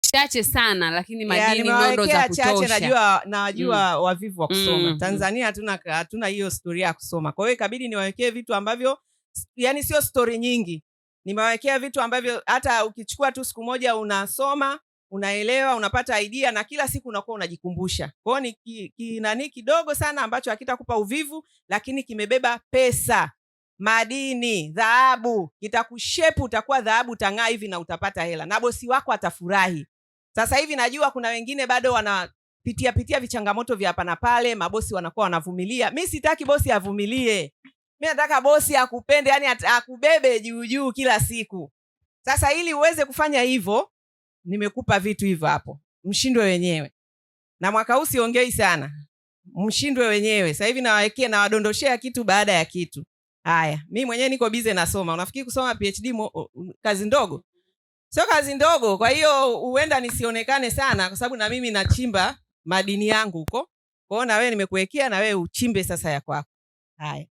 chache sana lakini madini yeah, za kutosha. Chache najua najua mm. wavivu wa kusoma mm. mm. Tanzania hatuna hatuna hiyo historia ya kusoma, kwa hiyo ikabidi niwawekee vitu ambavyo yani sio stori nyingi, nimewawekea vitu ambavyo hata ukichukua tu siku moja unasoma unaelewa unapata idea na kila siku unakuwa unajikumbusha. kwao ni ki, ki, kidogo sana ambacho hakitakupa uvivu, lakini kimebeba pesa madini, dhahabu. Itakushepu, utakuwa dhahabu, utang'aa hivi na utapata hela, na bosi wako atafurahi. Sasa hivi najua kuna wengine bado wanapitia pitia vichangamoto vya hapa na pale, mabosi wanakuwa wanavumilia. Mi sitaki bosi avumilie, mi nataka bosi akupende, yani akubebe juu juu kila siku. Sasa ili uweze kufanya hivyo, nimekupa vitu hivyo hapo, mshindwe wenyewe. Na mwaka huu siongei sana, mshindwe wenyewe. Sasa hivi nawawekea, nawadondoshea kitu baada ya kitu. Haya, mi mwenyewe niko bize nasoma. Unafikiri kusoma PhD mo, kazi ndogo? Sio kazi ndogo. Kwa hiyo huenda nisionekane sana, kwa sababu na mimi nachimba madini yangu huko. Kwa hiyo na wewe nimekuwekea, na wewe uchimbe sasa ya kwako. Haya.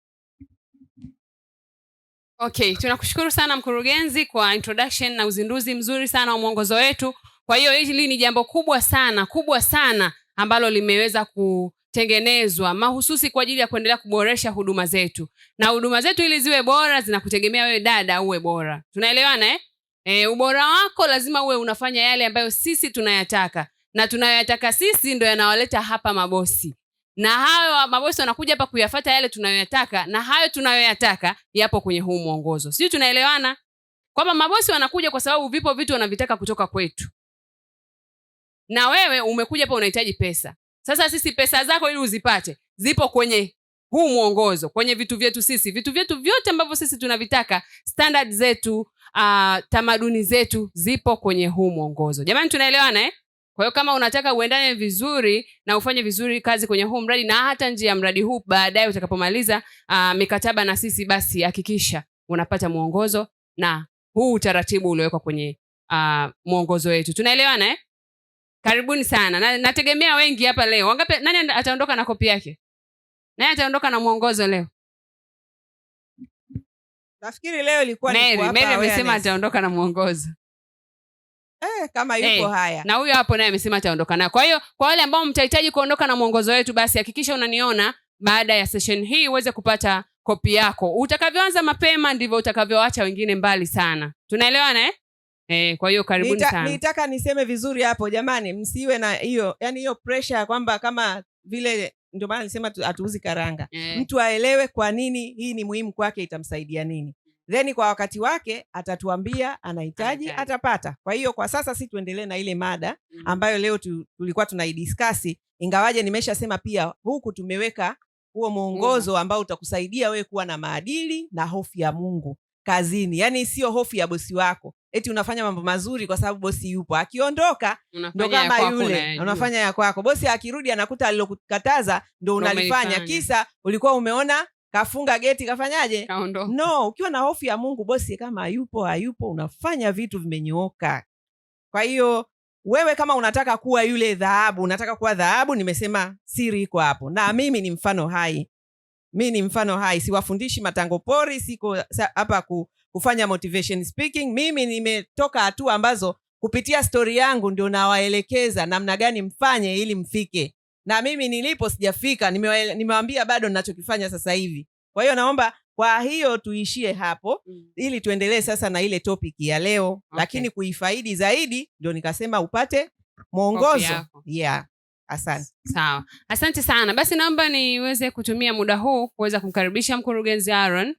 Okay, tunakushukuru sana mkurugenzi kwa introduction na uzinduzi mzuri sana wa mwongozo wetu. Kwa hiyo hili ni jambo kubwa sana kubwa sana ambalo limeweza ku tengenezwa mahususi kwa ajili ya kuendelea kuboresha huduma zetu, na huduma zetu ili ziwe bora zinakutegemea wewe dada uwe bora. Tunaelewana eh? E, ubora wako lazima uwe unafanya yale ambayo sisi tunayataka na tunayoyataka sisi ndo yanawaleta hapa mabosi, na hayo mabosi wanakuja hapa kuyafata yale tunayoyataka, na hayo tunayoyataka yapo kwenye huu mwongozo. Sijui tunaelewana kwamba mabosi wanakuja kwa sababu vipo vitu wanavitaka kutoka kwetu, na wewe umekuja hapa unahitaji pesa. Sasa sisi pesa zako ili uzipate zipo kwenye huu mwongozo, kwenye vitu vyetu sisi, vitu vyetu vyote ambavyo sisi tunavitaka, standard zetu, uh, tamaduni zetu zipo kwenye huu mwongozo. Jamani, tunaelewana eh? Kwa hiyo kama unataka uendane vizuri na ufanye vizuri kazi kwenye huu mradi na hata nje ya mradi huu baadaye utakapomaliza uh, mikataba na sisi, basi hakikisha unapata mwongozo na huu utaratibu uliowekwa kwenye uh, mwongozo wetu. Tunaelewana eh? karibuni sana na, nategemea wengi hapa leo. Wangape, Nani ataondoka na kopi yake? Nani ataondoka na mwongozo leo? Nafikiri leo ilikuwa Mary. Mary amesema ataondoka na mwongozo eh, kama yuko hey. Haya, na huyo hapo naye amesema ataondoka nayo. Kwa hiyo kwa wale ambao mtahitaji kuondoka na mwongozo wetu, basi hakikisha unaniona baada ya session hii uweze kupata kopi yako. Utakavyoanza mapema ndivyo utakavyoacha wengine mbali sana. Tunaelewana eh? Eh, kwa hiyo karibuni Nita, sana. Nitaka niseme vizuri hapo jamani, msiwe na hiyo yani hiyo pressure ya kwamba kama vile ndio maana nilisema hatuuzi karanga eh. Mtu aelewe kwa nini hii ni muhimu kwake, itamsaidia nini, then kwa wakati wake atatuambia anahitaji, atapata. Kwa hiyo kwa sasa si tuendelee na ile mada mm. ambayo leo tulikuwa tunaidiskasi, ingawaje nimeshasema pia huku tumeweka huo mm. mwongozo ambao utakusaidia wewe kuwa na maadili na hofu ya Mungu kazini. yani sio hofu ya bosi wako, eti unafanya mambo mazuri kwa sababu bosi yupo. Akiondoka ndo kama yule, unafanya ya kwako. Bosi akirudi anakuta alilokukataza ndo unalifanya, kisa ulikuwa umeona kafunga geti kafanyaje? No, ukiwa na hofu ya Mungu, bosi kama hayupo hayupo, unafanya vitu vimenyooka. Kwa hiyo wewe kama unataka kuwa yule dhahabu, unataka kuwa dhahabu, nimesema siri iko hapo, na mimi ni mfano hai mi ni mfano hai, siwafundishi matango pori, siko hapa ku, kufanya motivation speaking. Mimi nimetoka hatua ambazo kupitia stori yangu ndio nawaelekeza namna gani mfanye ili mfike, na mimi nilipo sijafika, nimewaambia bado ninachokifanya sasa hivi. Kwa hiyo naomba kwa hiyo tuishie hapo mm. ili tuendelee sasa na ile topiki ya leo okay. Lakini kuifaidi zaidi ndio nikasema upate mwongozo yeah. Asante. Sawa, asante sana. Basi naomba niweze kutumia muda huu kuweza kumkaribisha mkurugenzi aron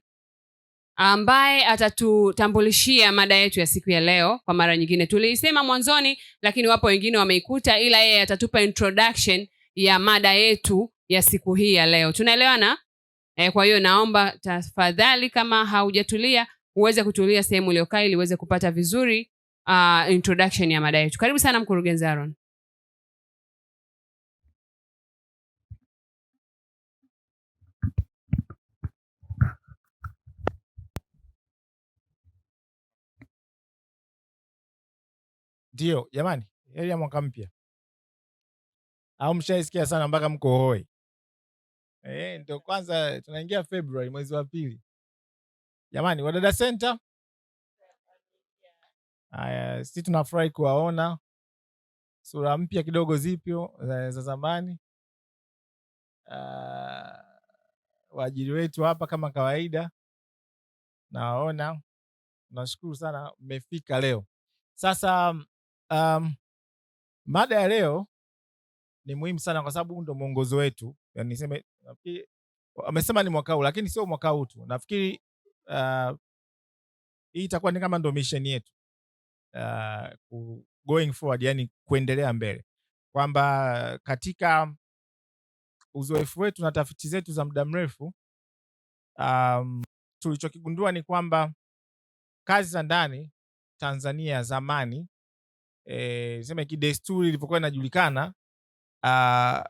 ambaye atatutambulishia mada yetu ya siku ya leo. Kwa mara nyingine tuliisema mwanzoni, lakini wapo wengine wameikuta, ila yeye atatupa introduction ya mada yetu ya siku hii ya leo. Tunaelewana? E, kwa hiyo naomba tafadhali, kama haujatulia uweze kutulia sehemu uliokaa ili uweze kupata vizuri uh, introduction ya mada yetu. Karibu sana mkurugenzi aron Ndio jamani, heri ya mwaka mpya. Au mshaisikia sana mpaka mko hoi? Eh, ndio kwanza tunaingia Februari, mwezi wa pili. Jamani, Wadada Center, haya sisi tunafurahi kuwaona sura mpya kidogo zipyo eh, za zamani. Uh, waajiri wetu hapa kama kawaida nawaona, nashukuru sana mmefika leo. Sasa Um, mada ya leo ni muhimu sana kwa sababu ndo mwongozo wetu. Yani niseme amesema ni mwaka huu, lakini sio mwaka huu tu. Nafikiri uh, hii itakuwa ni kama ndo mission yetu uh, going forward, yani kuendelea mbele, kwamba katika uzoefu wetu na tafiti zetu za muda mrefu um, tulichokigundua ni kwamba kazi za ndani Tanzania zamani eh, sema kidesturi ilivyokuwa inajulikana, uh, ah,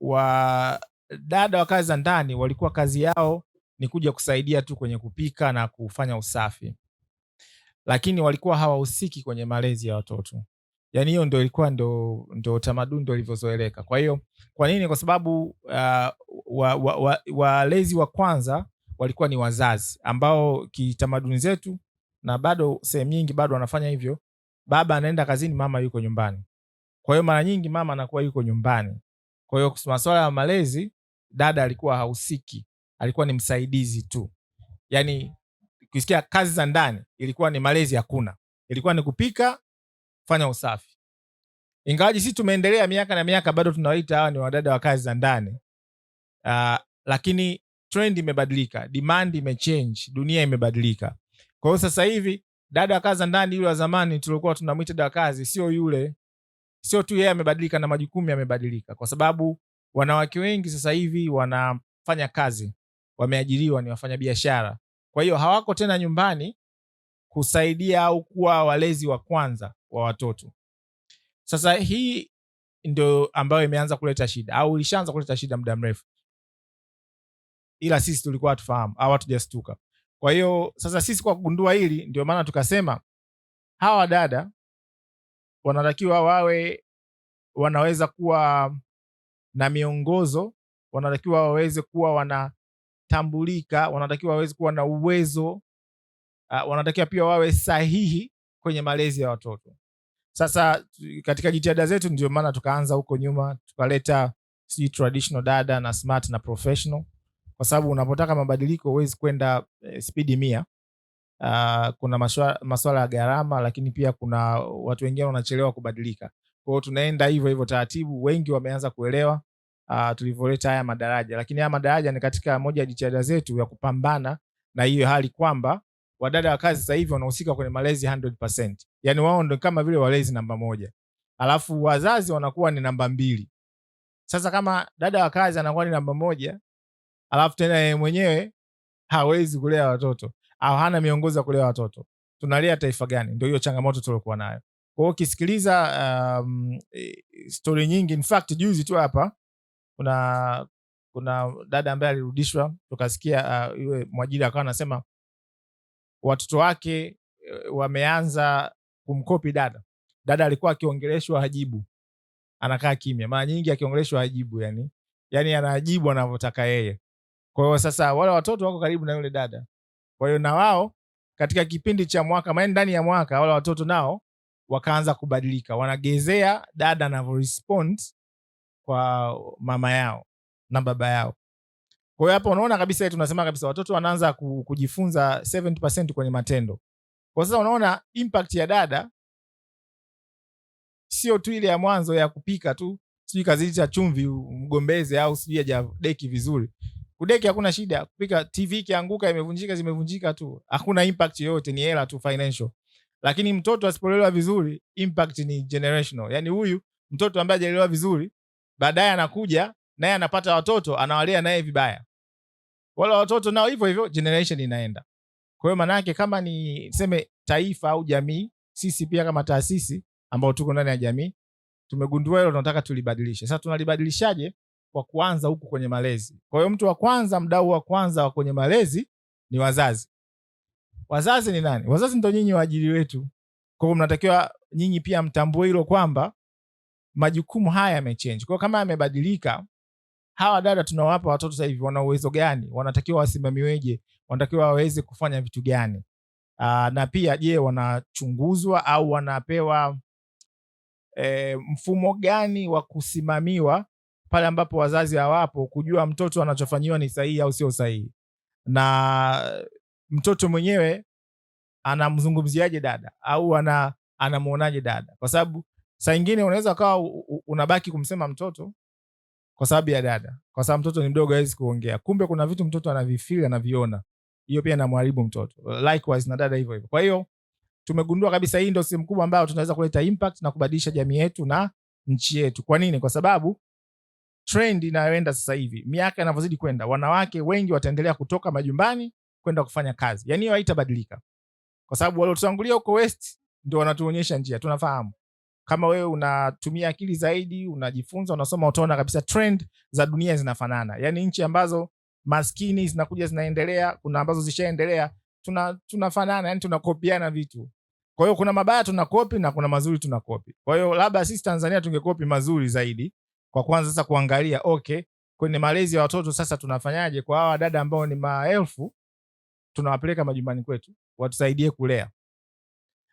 wadada wa kazi za ndani walikuwa kazi yao ni kuja kusaidia tu kwenye kupika na kufanya usafi, lakini walikuwa hawahusiki kwenye malezi ya watoto. Yani hiyo ndo ilikuwa ndo ndo tamaduni ndo ilivyozoeleka. Kwa hiyo kwa nini? Kwa sababu uh, ah, walezi wa, wa, wa, wa kwanza walikuwa ni wazazi ambao kitamaduni zetu na bado sehemu nyingi bado wanafanya hivyo, baba anaenda kazini, mama yuko nyumbani. Kwa hiyo mara nyingi mama anakuwa yuko nyumbani, kwa hiyo masuala ya malezi dada alikuwa hahusiki, alikuwa ni msaidizi tu. Yani kusikia kazi za ndani ilikuwa ni malezi, hakuna, ilikuwa ni kupika, kufanya usafi. Ingawaji sisi tumeendelea miaka na miaka, bado tunawaita hawa ni wadada wa kazi za ndani. Uh, lakini trend imebadilika, demand imechange, dunia imebadilika. Kwa hiyo sasa hivi dada wa kazi ndani, yule wa zamani tuliokuwa tunamwita dada kazi, sio yule. Sio tu yeye amebadilika, na majukumu yamebadilika, kwa sababu wanawake wengi sasa hivi wanafanya kazi, wameajiriwa, ni wafanyabiashara. Kwa hiyo hawako tena nyumbani kusaidia au kuwa walezi wa kwanza wa watoto. Sasa hii ndio ambayo imeanza kuleta shida au ilishaanza kuleta shida muda mrefu, ila sisi tulikuwa hatufahamu au hatujastuka. Kwa hiyo sasa sisi kwa kugundua hili, ndio maana tukasema hawa dada wanatakiwa wawe wanaweza kuwa na miongozo, wanatakiwa waweze kuwa wanatambulika, wanatakiwa waweze kuwa na uwezo uh, wanatakiwa pia wawe sahihi kwenye malezi ya watoto. Sasa katika jitihada zetu, ndio maana tukaanza huko nyuma, tukaleta sijui traditional dada na smart na professional kwa sababu unapotaka mabadiliko huwezi kwenda eh, spidi mia. Uh, kuna masuala ya gharama, lakini pia kuna watu wengine wanachelewa kubadilika. kwao tunaenda hivyo hivyo taratibu, wengi wameanza kuelewa uh, tulivyoleta haya madaraja, lakini haya madaraja ni katika moja ya jitihada zetu ya kupambana na hiyo hali kwamba wadada wa kazi sasa hivi wanahusika kwenye malezi 100%. Yani wao ndio kama vile walezi namba moja, alafu wazazi wanakuwa ni namba mbili. Sasa kama dada wa kazi anakuwa ni namba moja, alafu tena yeye mwenyewe hawezi kulea watoto au hana miongozo ya kulea watoto, tunalea taifa gani? Ndio hiyo changamoto tuliokuwa nayo. Kwa hiyo ukisikiliza um, stori nyingi, in fact juzi tu hapa kuna kuna dada ambaye alirudishwa, tukasikia yule uh, yule mwajiri akawa anasema watoto wake eh, wameanza kumkopi dada. Dada alikuwa akiongeleshwa hajibu, anakaa kimya. Mara nyingi akiongeleshwa hajibu, yani yani anajibu anavyotaka yeye. Kwa hiyo sasa wale watoto wako karibu na yule dada, kwa hiyo na wao katika kipindi cha mwaka maana ndani ya mwaka wale watoto nao wakaanza kubadilika, wanagezea dada anavyorespond kwa mama yao na baba yao. Kwa hiyo hapa unaona kabisa, tunasema kabisa watoto wanaanza kujifunza 70% kwenye matendo. Kwa sasa unaona impact ya dada sio tu ile ya mwanzo ya kupika tu, sijui kazidi cha chumvi mgombeze au sijui ajadeki vizuri, Kudeki hakuna shida, kupika TV ikianguka imevunjika, zimevunjika tu, hakuna impact yoyote, ni hela tu financial. Lakini mtoto asipolelewa vizuri, impact ni generational. Yani huyu mtoto ambaye ajalelewa vizuri, baadaye anakuja naye anapata watoto, anawalea naye vibaya, wala watoto nao hivyo hivyo, generation inaenda. Kwa hiyo maana yake kama ni seme taifa au jamii, sisi pia kama taasisi ambao tuko ndani ya jamii tumegundua hilo, tunataka tulibadilishe. Sasa tunalibadilishaje? kwa kuanza huku kwenye malezi. Kwa hiyo mtu wa kwanza, mdau wa kwanza wa kwenye malezi ni wazazi. Wazazi ni nani? Wazazi ndio nyinyi waajili wetu. Kwa hiyo mnatakiwa nyinyi pia mtambue hilo kwamba majukumu haya yamechange. Kwa hiyo kama yamebadilika, hawa dada tunawapa watoto sasa hivi wana uwezo gani? Wanatakiwa wasimamiweje? Wanatakiwa waweze kufanya vitu gani? Aa, ah, na pia je, wanachunguzwa au wanapewa e, mfumo gani wa kusimamiwa pale ambapo wazazi hawapo, kujua mtoto anachofanyiwa ni sahihi au sio sahihi, na mtoto mwenyewe anamzungumziaje dada au ana anamuonaje dada, kwa sababu saa ingine unaweza ukawa unabaki kumsema mtoto kwa sababu ya dada, kwa sababu mtoto ni mdogo, hawezi kuongea. Kumbe kuna vitu mtoto anavifili anaviona, hiyo pia inamharibu mtoto, likewise na dada hivyo hivyo. Kwa hiyo tumegundua kabisa hii ndio sehemu kubwa ambayo tunaweza kuleta impact na kubadilisha jamii yetu na nchi yetu. Kwa nini? Kwa sababu trend inayoenda sasa hivi, miaka inavyozidi kwenda, wanawake wengi wataendelea kutoka majumbani kwenda kufanya kazi. Yani hiyo haitabadilika, kwa sababu waliotutangulia huko West ndio wanatuonyesha njia. Tunafahamu kama wewe unatumia akili zaidi, unajifunza, unasoma, utaona kabisa trend za dunia zinafanana. Yani nchi ambazo maskini zinakuja zinaendelea, kuna ambazo zishaendelea, tuna tunafanana, yani tunakopiana vitu. Kwa hiyo kuna mabaya tunakopi na kuna mazuri tunakopi. Kwa hiyo labda sisi Tanzania tungekopi mazuri zaidi kwa kwanza sasa kuangalia okay, kwenye malezi ya watoto sasa tunafanyaje kwa hawa dada ambao ni maelfu, tunawapeleka majumbani kwetu watusaidie kulea.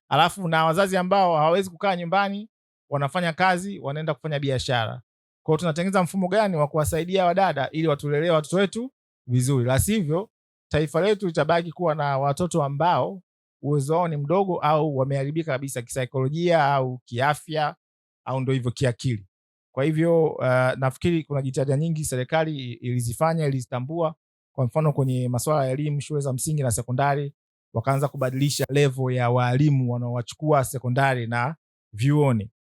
Alafu na wazazi ambao hawawezi kukaa nyumbani, wanafanya kazi, wanaenda kufanya biashara. Kwa hiyo tunatengeneza mfumo gani wa kuwasaidia wadada ili watulelee watoto wetu vizuri, la sivyo taifa letu litabaki kuwa na watoto ambao uwezo wao ni mdogo au wameharibika kabisa kisaikolojia au kiafya au ndo hivyo kiakili. Kwa hivyo uh, nafikiri kuna jitihada nyingi serikali ilizifanya, ilizitambua. Kwa mfano kwenye masuala ya elimu, shule za msingi na sekondari wakaanza kubadilisha levo ya waalimu wanaowachukua sekondari na vyuoni.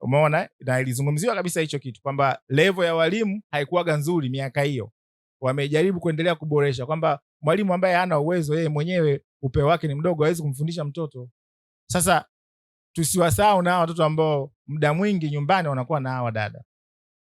Umeona, na ilizungumziwa kabisa hicho kitu kwamba levo ya walimu haikuwaga nzuri miaka hiyo. Wamejaribu kuendelea kuboresha kwamba mwalimu ambaye hana uwezo yeye mwenyewe, upeo wake ni mdogo, hawezi kumfundisha mtoto. Sasa tusiwasahau na watoto ambao muda mwingi nyumbani wanakuwa na hawa dada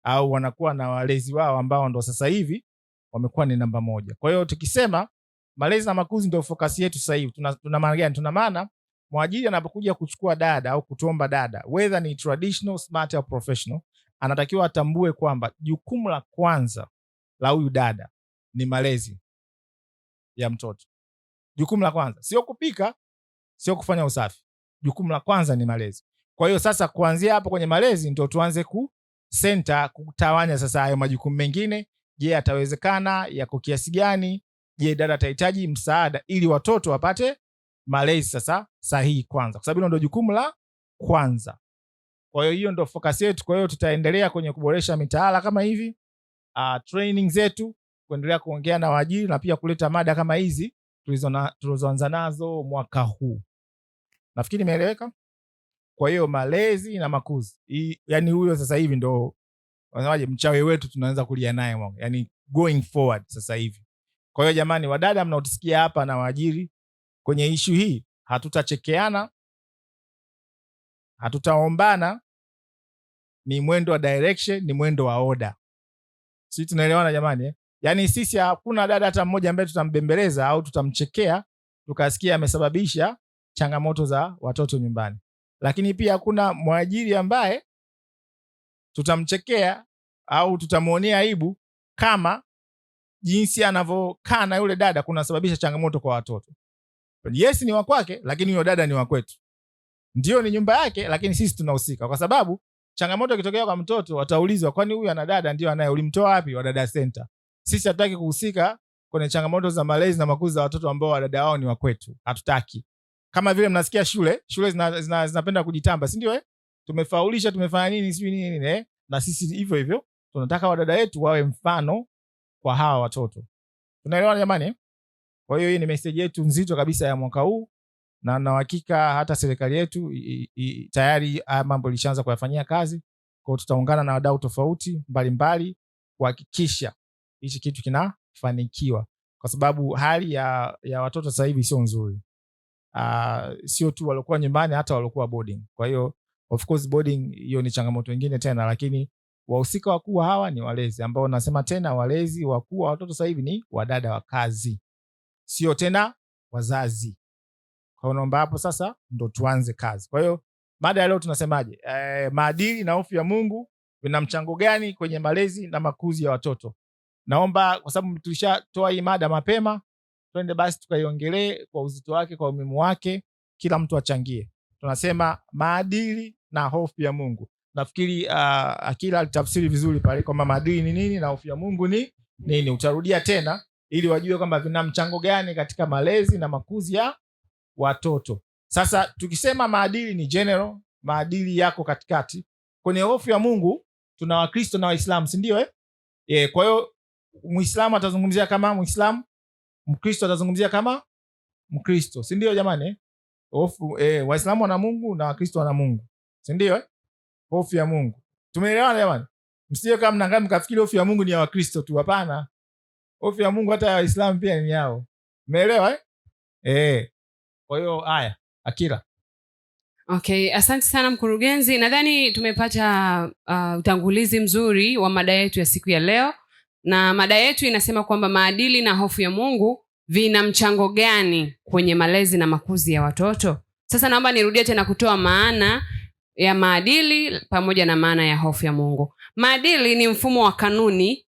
au wanakuwa na walezi wao ambao ndo sasa hivi wamekuwa ni namba moja. Kwa hiyo tukisema malezi na makuzi ndio fokasi yetu sasa hivi, tuna, tuna maana gani? Tuna maana mwajiri anapokuja kuchukua dada au kutuomba dada, whether ni traditional, smart au professional, anatakiwa atambue kwamba jukumu la kwanza la huyu dada ni malezi ya mtoto. Jukumu la kwanza sio kupika, sio kufanya usafi, jukumu la kwanza ni malezi. Kwa hiyo sasa kuanzia hapo kwenye malezi ndio tuanze ku senta kutawanya sasa hayo majukumu mengine. Je, atawezekana? Yako kiasi gani? Je, dada atahitaji msaada ili watoto wapate malezi sasa sahihi kwanza, kwa sababu hilo ndio jukumu la kwanza. Kwa hiyo hiyo ndio focus yetu. Kwa hiyo tutaendelea kwenye kuboresha mitaala kama hivi, uh, training zetu, kuendelea kuongea na waajiri na pia kuleta mada kama hizi tulizoanza nazo mwaka huu. Nafikiri imeeleweka. Kwa hiyo malezi na makuzi I, yani huyo sasa hivi ndo wanasemaje, mchawi wetu tunaanza kulia naye mwangu, yani going forward sasa hivi. Kwa hiyo jamani, wadada mnaotisikia hapa na waajiri kwenye ishu hii, hatutachekeana, hatutaombana, ni mwendo wa direction, ni mwendo wa oda. Sisi tunaelewana jamani eh? Yani sisi hakuna dada hata mmoja ambaye tutambembeleza au tutamchekea tukasikia amesababisha changamoto za watoto nyumbani, lakini pia kuna mwajiri ambaye tutamchekea au tutamwonea aibu kama jinsi anavyokaa na yule dada kunasababisha changamoto kwa watoto. Yes, ni wakwake lakini huyo dada ni wakwetu Ndio, ni nyumba yake, lakini sisi tunahusika, kwa sababu changamoto ikitokea kwa mtoto wataulizwa, kwani huyu ana dada? Ndio anaye, ulimtoa wapi? Wadada senta Sisi hatutaki kuhusika kwenye changamoto za malezi na makuzi za watoto ambao wadada wao ni wakwetu hatutaki kama vile mnasikia shule shule zinapenda zina, zina kujitamba, si ndio? Eh, tumefaulisha tumefanya nini sijui nini eh? Na sisi hivyo hivyo tunataka wadada wetu wawe mfano kwa hawa watoto. Tunaelewana jamani eh? Kwa hiyo hii ni message yetu nzito kabisa ya mwaka huu, na na hakika hata serikali yetu i, i, tayari haya mambo ilishaanza kuyafanyia kazi. Kwa tutaungana na wadau tofauti mbalimbali kuhakikisha hichi kitu kinafanikiwa, kwa sababu hali ya, ya watoto sasa hivi sio nzuri uh, sio tu waliokuwa nyumbani, hata waliokuwa boarding. Kwa hiyo of course boarding hiyo ni changamoto nyingine tena, lakini wahusika wakuu hawa ni walezi, ambao nasema tena walezi wakuu wa watoto sasa hivi ni wadada wa kazi, sio tena wazazi. Kwa hiyo naomba hapo sasa ndo tuanze kazi. Kwa hiyo mada ya leo tunasemaje? E, maadili na hofu ya Mungu vina mchango gani kwenye malezi na makuzi ya watoto? Naomba kwa sababu tulishatoa hii mada mapema, twende basi tukaiongelee kwa uzito wake, kwa umimu wake, kila mtu achangie. Tunasema maadili na hofu ya Mungu. Nafikiri uh, Akila alitafsiri vizuri pale kwamba maadili ni nini na hofu ya Mungu ni nini. Utarudia tena ili wajue kwamba vina mchango gani katika malezi na makuzi ya watoto. Sasa tukisema maadili ni general, maadili yako katikati. Kwenye hofu ya Mungu tuna Wakristo na Waislamu, si ndio eh? E, kwa hiyo Muislamu atazungumzia kama Muislamu Mkristo atazungumzia kama Mkristo, si ndio jamani? Hofu eh, Waislamu wana Mungu na Wakristo wana Mungu, si ndio eh? Hofu ya Mungu, tumeelewana jamani? Msije kama mnaangalia mkafikiri hofu ya Mungu ni ya Wakristo tu, hapana. Hofu ya Mungu hata ya Waislamu pia ni yao, umeelewa eh? Eh, kwa hiyo haya, Akira. Okay, asante sana mkurugenzi. Nadhani tumepata uh, utangulizi mzuri wa mada yetu ya siku ya leo na mada yetu inasema kwamba maadili na hofu ya Mungu vina mchango gani kwenye malezi na makuzi ya watoto? Sasa naomba nirudie tena kutoa maana ya maadili pamoja na maana ya hofu ya Mungu. Maadili ni mfumo wa kanuni,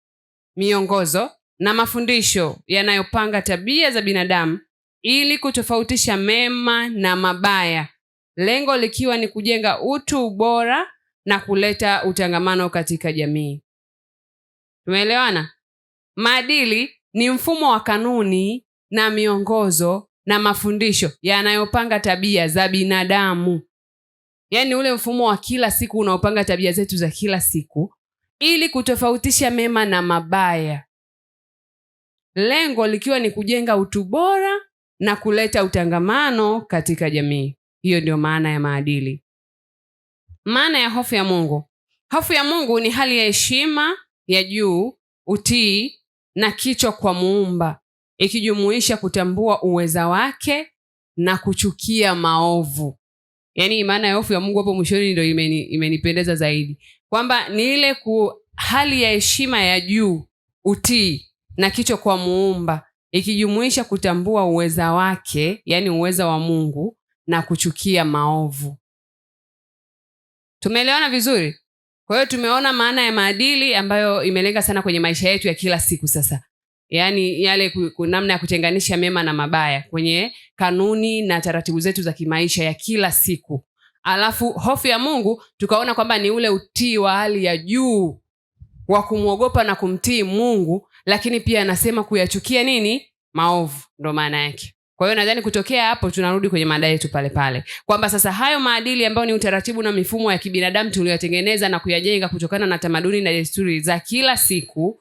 miongozo na mafundisho yanayopanga tabia za binadamu ili kutofautisha mema na mabaya, lengo likiwa ni kujenga utu, ubora na kuleta utangamano katika jamii. Tumeelewana? Maadili ni mfumo wa kanuni na miongozo na mafundisho yanayopanga tabia za binadamu, yaani ule mfumo wa kila siku unaopanga tabia zetu za kila siku ili kutofautisha mema na mabaya, lengo likiwa ni kujenga utu bora na kuleta utangamano katika jamii. Hiyo ndio maana ya maadili. Maana ya hofu ya Mungu. Hofu ya Mungu ni hali ya heshima ya juu, utii na kichwa kwa Muumba, ikijumuisha kutambua uweza wake na kuchukia maovu. Yaani maana ya hofu ya Mungu hapo mwishoni ndio imeni, imenipendeza zaidi kwamba ni ile ku hali ya heshima ya juu, utii na kichwa kwa Muumba, ikijumuisha kutambua uweza wake, yaani uweza wa Mungu na kuchukia maovu. Tumeelewana vizuri? kwa hiyo tumeona maana ya maadili ambayo imelenga sana kwenye maisha yetu ya kila siku sasa yaani yale namna ya kutenganisha mema na mabaya kwenye kanuni na taratibu zetu za kimaisha ya kila siku alafu hofu ya mungu tukaona kwamba ni ule utii wa hali ya juu wa kumwogopa na kumtii mungu lakini pia anasema kuyachukia nini maovu ndo maana yake kwa hiyo nadhani kutokea hapo tunarudi kwenye mada yetu pale pale kwamba sasa hayo maadili ambayo ni utaratibu na mifumo ya kibinadamu tuliyotengeneza na kuyajenga kutokana na tamaduni na desturi za kila siku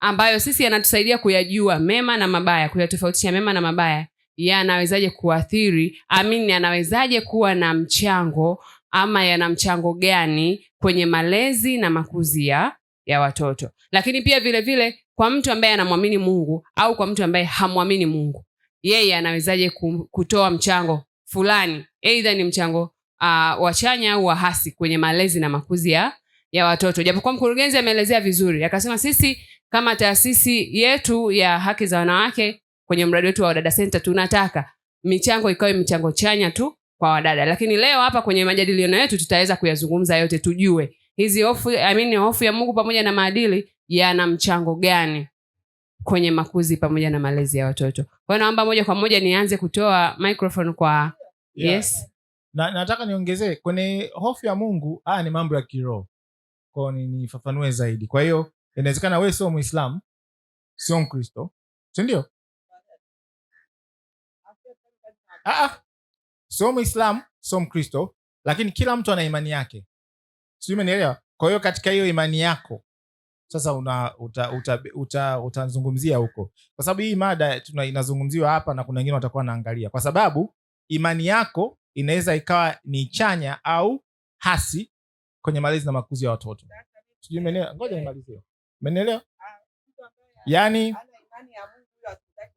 ambayo sisi yanatusaidia kuyajua mema na mabaya kuyatofautisha mema na mabaya yanawezaje kuathiri amin yanawezaje kuwa na mchango ama yana mchango gani kwenye malezi na makuzi ya ya watoto lakini pia vile vile kwa mtu ambaye anamwamini mungu au kwa mtu ambaye hamwamini mungu yeye anawezaje kutoa mchango fulani, aidha ni mchango uh, wa chanya au wa hasi kwenye malezi na makuzi ya ya watoto. Japokuwa mkurugenzi ameelezea vizuri, akasema sisi kama taasisi yetu ya haki za wanawake kwenye mradi wetu wa Wadada Center tunataka michango ikawe michango chanya tu kwa wadada, lakini leo hapa kwenye majadiliano yetu tutaweza kuyazungumza yote, tujue hizi hofu I mean, hofu ya Mungu pamoja na maadili yana mchango gani kwenye makuzi pamoja na malezi ya watoto. Kwa hiyo naomba moja kwa moja nianze kutoa microphone kwa yeah. Yes, na nataka niongezee kwenye hofu ya Mungu. Haya ni mambo ya kiroho kwao, nifafanue zaidi. Kwa hiyo inawezekana wewe sio Muislamu, sio Mkristo, si ndio? Ah, ah. Sio Muislamu, sio Mkristo, lakini kila mtu ana imani yake, sijui umenielewa. Kwa hiyo katika hiyo imani yako sasa utazungumzia uta, uta, uta huko, kwa sababu hii mada tuna, inazungumziwa hapa na kuna wengine watakuwa wanaangalia, kwa sababu imani yako inaweza ikawa ni chanya au hasi kwenye malezi na makuzi ya watoto. Ngoja nimalizie. Yaani,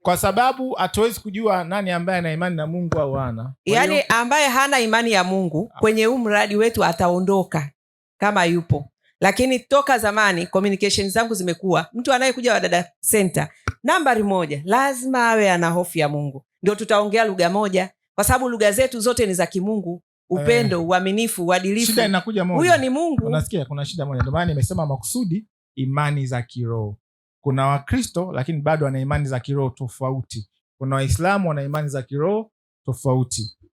kwa sababu hatuwezi kujua nani ambaye ana imani na Mungu au ana yani ambaye hana imani ya Mungu ah. kwenye huu mradi wetu ataondoka kama yupo lakini toka zamani communication zangu zimekuwa mtu anayekuja Wadada senta nambari moja lazima awe ana hofu ya Mungu, ndio tutaongea lugha moja, kwa sababu lugha zetu zote ni za kimungu: upendo, eh. uaminifu, uadilifuhuyo ni Mungu. Unasikia, kuna shida moja. nimesema makusudi imani za kiroho. Kuna Wakristo lakini bado wana imani za kiroho tofauti, kuna Waislamu wana imani za kiroho tofauti.